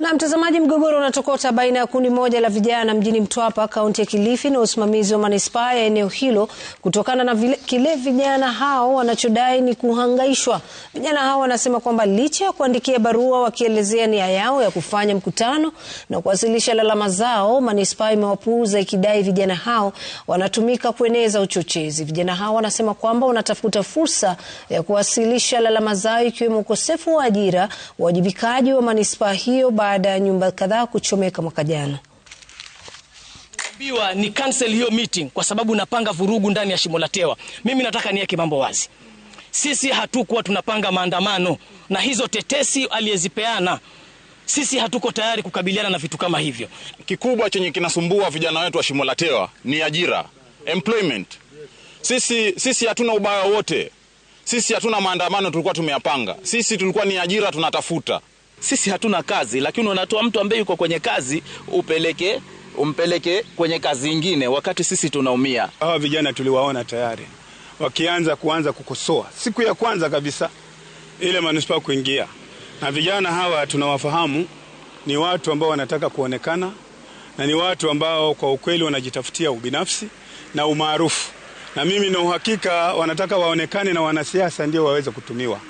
Na mtazamaji, mgogoro unatokota baina ya kundi moja la vijana mjini Mtwapa, kaunti ya Kilifi na usimamizi wa manispaa ya eneo hilo kutokana na vile, kile vijana hao wanachodai ni kuhangaishwa. Vijana hao wanasema kwamba licha ya kuandikia barua wakielezea nia yao ya kufanya mkutano na kuwasilisha lalama zao, manispaa imewapuuza ikidai vijana hao wanatumika kueneza uchochezi. Vijana hao wanasema kwamba wanatafuta fursa ya kuwasilisha lalama zao ikiwemo ukosefu wa ajira, uwajibikaji wa manispaa hiyo ba baada ya nyumba kadhaa kuchomeka mwaka jana. Biwa, ni cancel hiyo meeting kwa sababu napanga vurugu ndani ya Shimo la Tewa. Mimi nataka niweke mambo wazi, sisi hatukuwa tunapanga maandamano na hizo tetesi aliyezipeana sisi hatuko tayari kukabiliana na vitu kama hivyo. Kikubwa chenye kinasumbua vijana wetu wa Shimo la Tewa ni ajira, employment. Sisi, sisi hatuna ubaya wote, sisi hatuna maandamano tulikuwa tumeyapanga, sisi tulikuwa ni ajira tunatafuta sisi hatuna kazi, lakini unatoa mtu ambaye yuko kwenye kazi upeleke umpeleke kwenye kazi ingine, wakati sisi tunaumia. Hawa vijana tuliwaona tayari wakianza kuanza kukosoa siku ya kwanza kabisa ile manispaa kuingia, na vijana hawa tunawafahamu, ni watu ambao wanataka kuonekana na ni watu ambao kwa ukweli wanajitafutia ubinafsi na umaarufu, na mimi na uhakika wanataka waonekane na wanasiasa ndio waweze kutumiwa.